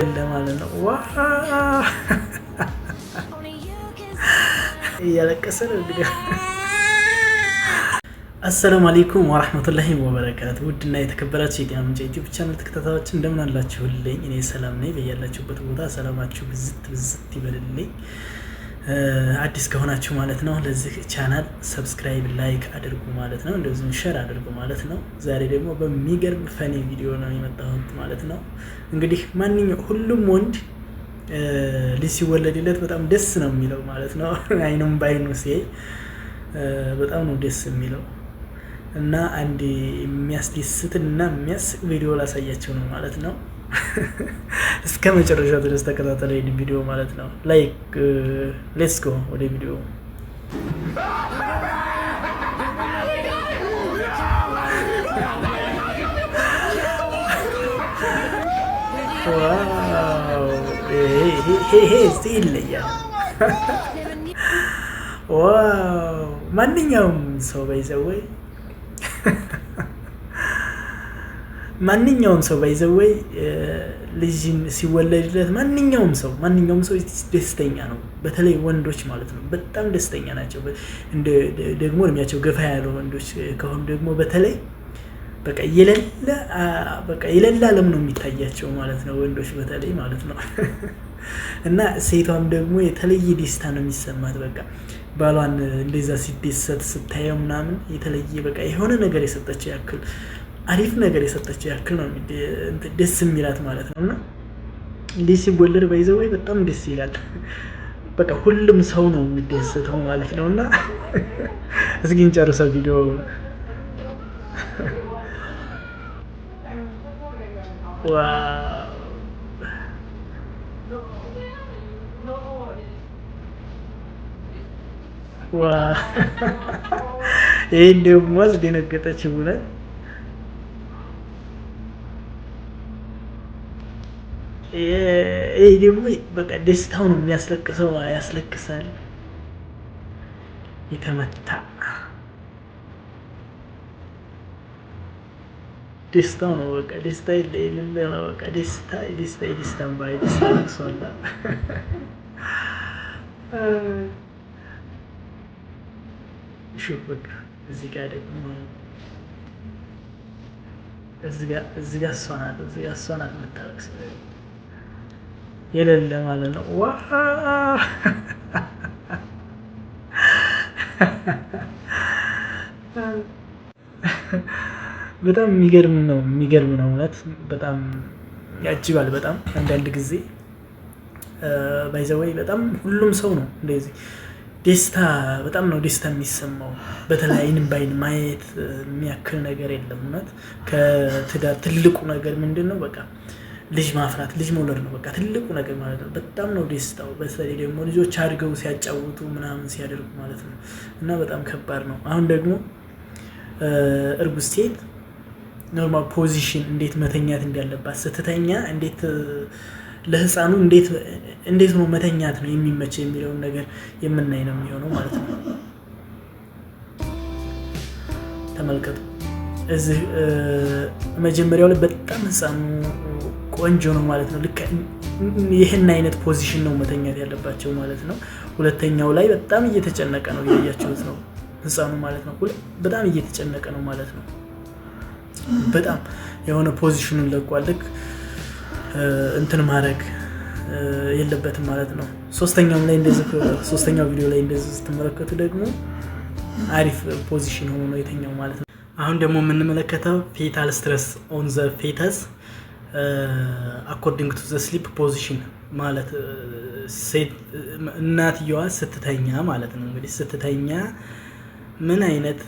የለ ማለት ነው። እያለቀሰ አሰላሙ አሌይኩም ወራህመቱላሂ ወበረካቱ። ውድና የተከበራችሁ የጤና ምንጭ ዩቲዩብ ቻናል ተከታታዮች እንደምን አላችሁልኝ? እኔ ሰላም ነኝ። በያላችሁበት ቦታ ሰላማችሁ ብዝት ብዝት ይበልልኝ። አዲስ ከሆናችሁ ማለት ነው። ለዚህ ቻናል ሰብስክራይብ፣ ላይክ አድርጉ ማለት ነው። እንደዚሁም ሸር አድርጉ ማለት ነው። ዛሬ ደግሞ በሚገርም ፈኒ ቪዲዮ ነው የመጣሁት ማለት ነው። እንግዲህ ማንኛው ሁሉም ወንድ ልጅ ሲወለድለት በጣም ደስ ነው የሚለው ማለት ነው። አይኑም ባይኑ ሲያይ በጣም ነው ደስ የሚለው እና አንድ የሚያስደስት እና የሚያስቅ ቪዲዮ ላሳያቸው ነው ማለት ነው። እስከ መጨረሻ ድረስ ተከታተለ ቪዲዮ ማለት ነው። ላይክ ሌትስ ጎ ወደ ቪዲዮ ይለያል። ዋው ማንኛውም ሰው በይዘወይ ማንኛውም ሰው ባይዘወይ ልጅን ሲወለድለት ማንኛውም ሰው ማንኛውም ሰው ደስተኛ ነው። በተለይ ወንዶች ማለት ነው በጣም ደስተኛ ናቸው። ደግሞ እድሜያቸው ገፋ ያለ ወንዶች ከሆኑ ደግሞ በተለይ በቃ የሌላ ዓለም ነው የሚታያቸው ማለት ነው። ወንዶች በተለይ ማለት ነው እና ሴቷም ደግሞ የተለየ ደስታ ነው የሚሰማት በቃ ባሏን እንደዛ ሲደሰት ስታየው ምናምን የተለየ በቃ የሆነ ነገር የሰጠችው ያክል አሪፍ ነገር የሰጠች ያክል ነው ደስ የሚላት ማለት ነው። እና እንዲህ ሲወለድ ወይ በጣም ደስ ይላል። በቃ ሁሉም ሰው ነው የሚደሰተው ማለት ነው። እና እስኪ እንጨርሰው ቪዲዮ ይህ እንዲሁም አስደነገጠች እውነት ይሄ ደግሞ በቃ ደስታው ነው የሚያስለቅሰው፣ ያስለቅሳል። የተመታ ደስታው ነው በቃ ደስታ የሌለ ነው በቃ ደስታ ደስታ ደስታ ባይ ደስታ ለቅሶና ሹፍ በቃ እዚህ ጋር ደግሞ እዚህ ጋር እሷ ናት፣ እዚህ ጋር እሷ ናት የምታለቅሰው የሌለ ማለት ነው። ዋ በጣም የሚገርም ነው፣ የሚገርም ነው። እውነት በጣም ያጅባል። በጣም አንዳንድ ጊዜ ባይዘወይ በጣም ሁሉም ሰው ነው እንደዚህ ደስታ በጣም ነው ደስታ የሚሰማው። በተለይ አይንም በአይን ማየት የሚያክል ነገር የለም። እውነት ከትዳር ትልቁ ነገር ምንድን ነው? በቃ ልጅ ማፍራት ልጅ መውለድ ነው በቃ ትልቁ ነገር ማለት ነው። በጣም ነው ደስታው። በተለይ ደግሞ ልጆች አድገው ሲያጫውቱ ምናምን ሲያደርጉ ማለት ነው እና በጣም ከባድ ነው። አሁን ደግሞ እርጉዝ ሴት ኖርማል ፖዚሽን እንዴት መተኛት እንዳለባት ስትተኛ እንዴት ለህፃኑ እንዴት ነው መተኛት ነው የሚመች የሚለውን ነገር የምናይ ነው የሚሆነው ማለት ነው። ተመልከቱ እዚህ መጀመሪያው ላይ በጣም ህፃኑ ቆንጆ ነው ማለት ነው። ይህን አይነት ፖዚሽን ነው መተኛት ያለባቸው ማለት ነው። ሁለተኛው ላይ በጣም እየተጨነቀ ነው እያያችሁት ነው ህፃኑ ማለት ነው። በጣም እየተጨነቀ ነው ማለት ነው። በጣም የሆነ ፖዚሽኑን ለቋል። ልክ እንትን ማድረግ የለበትም ማለት ነው። ሶስተኛው ላይ እንደዚህ ሶስተኛው ቪዲዮ ላይ እንደዚህ ስትመለከቱ ደግሞ አሪፍ ፖዚሽን ሆኖ የተኛው ማለት ነው። አሁን ደግሞ የምንመለከተው ፌታል ስትረስ ኦን ዘ ፌተስ አኮርዲንግ ቱ ዘ ስሊፕ ፖዚሽን ማለት uh, እናትየዋ ስትተኛ ማለት ነው። እንግዲህ ስትተኛ ምን አይነት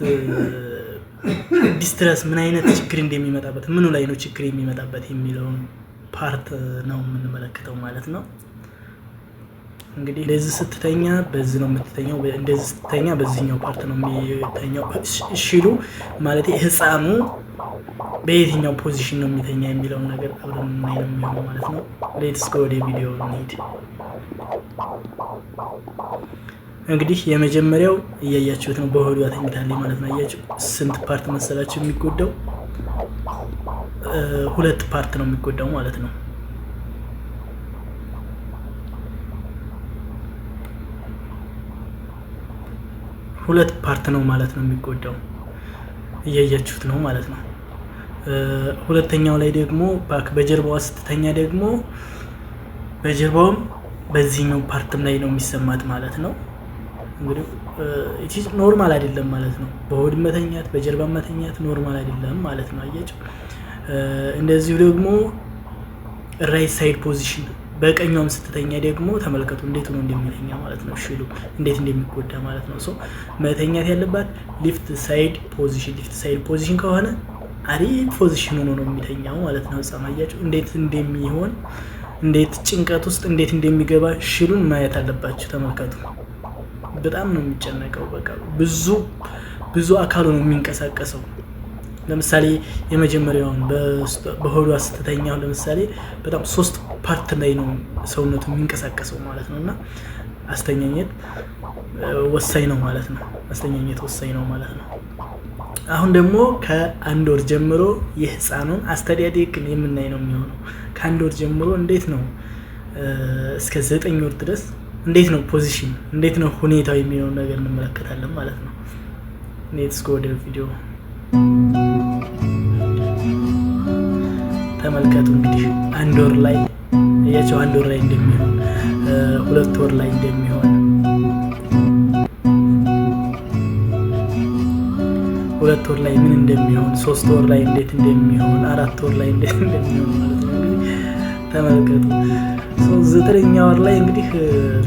ዲስትረስ uh, ምን አይነት ችግር እንደሚመጣበት ምኑ ላይ ነው ችግር የሚመጣበት የሚለውን ፓርት ነው የምንመለከተው ማለት ነው። እንግዲህ እንደዚህ ስትተኛ በዚህ ነው የምትተኛው፣ እንደዚህ ስትተኛ በዚህኛው ፓርት ነው የሚተኛው ሲሉ ማለት ህፃኑ በየትኛው ፖዚሽን ነው የሚተኛ የሚለውን ነገር አብረን የምናይ ነው የሚሆነው ማለት ነው። ሌትስ ጎ ወደ ቪዲዮ እንሂድ። እንግዲህ የመጀመሪያው እያያችሁት ነው፣ በሆዷ ተኝታለች ማለት ነው። እያችሁ ስንት ፓርት መሰላችሁ የሚጎዳው? ሁለት ፓርት ነው የሚጎዳው ማለት ነው። ሁለት ፓርት ነው ማለት ነው የሚጎዳው። እያያችሁት ነው ማለት ነው። ሁለተኛው ላይ ደግሞ ባክ በጀርባዋ ስትተኛ ደግሞ በጀርባውም በዚህኛው ፓርትም ላይ ነው የሚሰማት ማለት ነው። እንግዲህ ኖርማል አይደለም ማለት ነው። በሆድ መተኛት፣ በጀርባ መተኛት ኖርማል አይደለም ማለት ነው። አያችሁ። እንደዚሁ ደግሞ ራይት ሳይድ ፖዚሽን በቀኛውም ስትተኛ ደግሞ ተመልከቱ እንዴት ሆኖ እንደሚተኛ ማለት ነው። ሽሉ እንዴት እንደሚጎዳ ማለት ነው። መተኛት ያለባት ሊፍት ሳይድ ፖዚሽን፣ ሊፍት ሳይድ ፖዚሽን ከሆነ አሪፍ ፖዚሽን ሆኖ ነው የሚተኛው ማለት ነው። ህፃን አያቸው እንዴት እንደሚሆን እንዴት ጭንቀት ውስጥ እንዴት እንደሚገባ ሽሉን ማየት አለባቸው። ተመልከቱ በጣም ነው የሚጨነቀው። በቃ ብዙ ብዙ አካሉ ነው የሚንቀሳቀሰው። ለምሳሌ የመጀመሪያውን በሆዷ ስትተኛ ለምሳሌ በጣም ሶስት ፓርት ላይ ነው ሰውነቱ የሚንቀሳቀሰው ማለት ነው እና አስተኛኘት ወሳኝ ነው ማለት ነው። አስተኛኘት ወሳኝ ነው ማለት ነው። አሁን ደግሞ ከአንድ ወር ጀምሮ የህፃኑን አስተዳደግን የምናይ ነው የሚሆነው። ከአንድ ወር ጀምሮ እንዴት ነው እስከ ዘጠኝ ወር ድረስ እንዴት ነው ፖዚሽን፣ እንዴት ነው ሁኔታው የሚለውን ነገር እንመለከታለን ማለት ነው። ኔትስ ወደ ቪዲዮ ተመልከቱ እንግዲህ አንድ ወር ላይ እያቸው አንድ ወር ላይ እንደሚሆን ሁለት ወር ላይ እንደሚሆን ሁለት ወር ላይ ምን እንደሚሆን ሶስት ወር ላይ እንዴት እንደሚሆን አራት ወር ላይ እንዴት እንደሚሆን ማለት ነው። ተመልከቱ ዘጠነኛ ወር ላይ እንግዲህ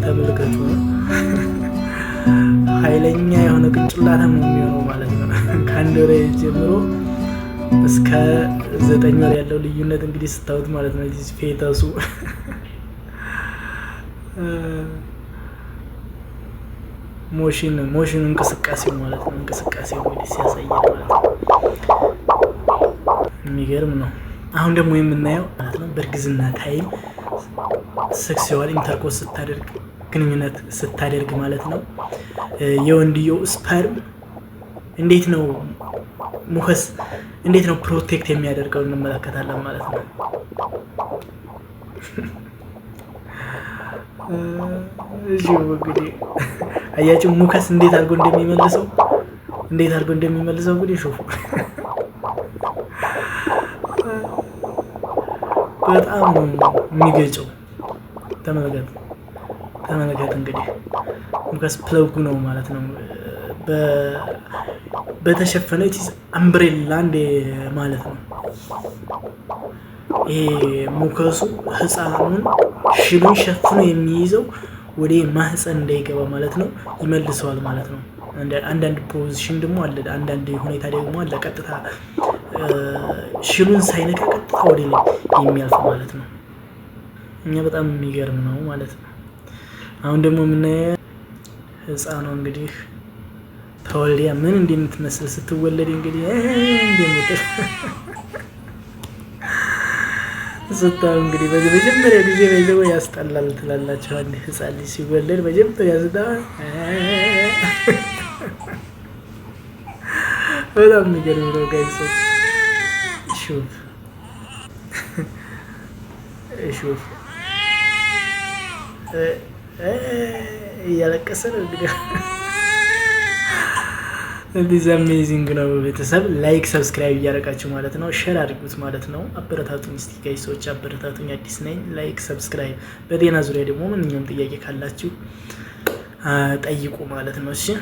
ተመልከቱ ኃይለኛ የሆነ ቅንጭላታ ነው የሚሆነው ማለት ነው ከአንድ ወር ጀምሮ እስከ ዘጠኝ ወር ያለው ልዩነት እንግዲህ ስታዩት ማለት ነው። እዚህ ፌተሱ ሞሽን ሞሽን እንቅስቃሴው ማለት ነው። እንቅስቃሴው እንግዲህ ሲያሳየ ማለት ነው። የሚገርም ነው። አሁን ደግሞ የምናየው ማለት ነው በእርግዝና ታይም ሴክስዋል ኢንተርኮርስ ስታደርግ ግንኙነት ስታደርግ ማለት ነው የወንድየው ስፐርም እንዴት ነው ሙከስ እንዴት ነው ፕሮቴክት የሚያደርገው እንመለከታለን ማለት ነው። እዚሁ እንግዲህ አያችሁ ሙከስ እንዴት አድርጎ እንደሚመልሰው እንዴት አድርጎ እንደሚመልሰው እንግዲህ ሹፉ። በጣም የሚገጨው ተመልከት ተመልከት። እንግዲህ ሙከስ ፕለጉ ነው ማለት ነው። በተሸፈነች አምብሬላ እንደ ማለት ነው። ይሄ ሙከሱ ህፃኑን ሽሉን ሸፍኖ የሚይዘው ወደ ማህፀን እንዳይገባ ማለት ነው፣ ይመልሰዋል ማለት ነው። አንዳንድ ፖዚሽን ደግሞ አለ፣ አንዳንድ ሁኔታ ደግሞ አለ። ቀጥታ ሽሉን ሳይነካ ቀጥታ ወደ ላይ የሚያልፍ ማለት ነው። እኛ በጣም የሚገርም ነው ማለት ነው። አሁን ደግሞ የምናየ ህፃኗ እንግዲህ ተወልዲያ ምን እንደምትመስል ስትወለድ እንግዲህ እንደምትል ስታው እንግዲህ በዚህ መጀመሪያ ጊዜ በይዘው ያስጠላል ትላላችሁ። አንድ ህፃን ልጅ ሲወለድ መጀመሪያ ስታ በጣም ነገር ነው። ጋይሶ ሹፍ ሹፍ እያለቀሰ ነው እንግዲህ ቢዝ አሜዚንግ ነው። ቤተሰብ ላይክ ሰብስክራይብ እያደረጋችሁ ማለት ነው፣ ሼር አድርጉት ማለት ነው። አበረታቱኝ እስቲ ጋይ ሰዎች አበረታቱኝ። አዲስ ነኝ። ላይክ ሰብስክራይብ። በጤና ዙሪያ ደግሞ ማንኛውም ጥያቄ ካላችሁ ጠይቁ ማለት ነው። እሺ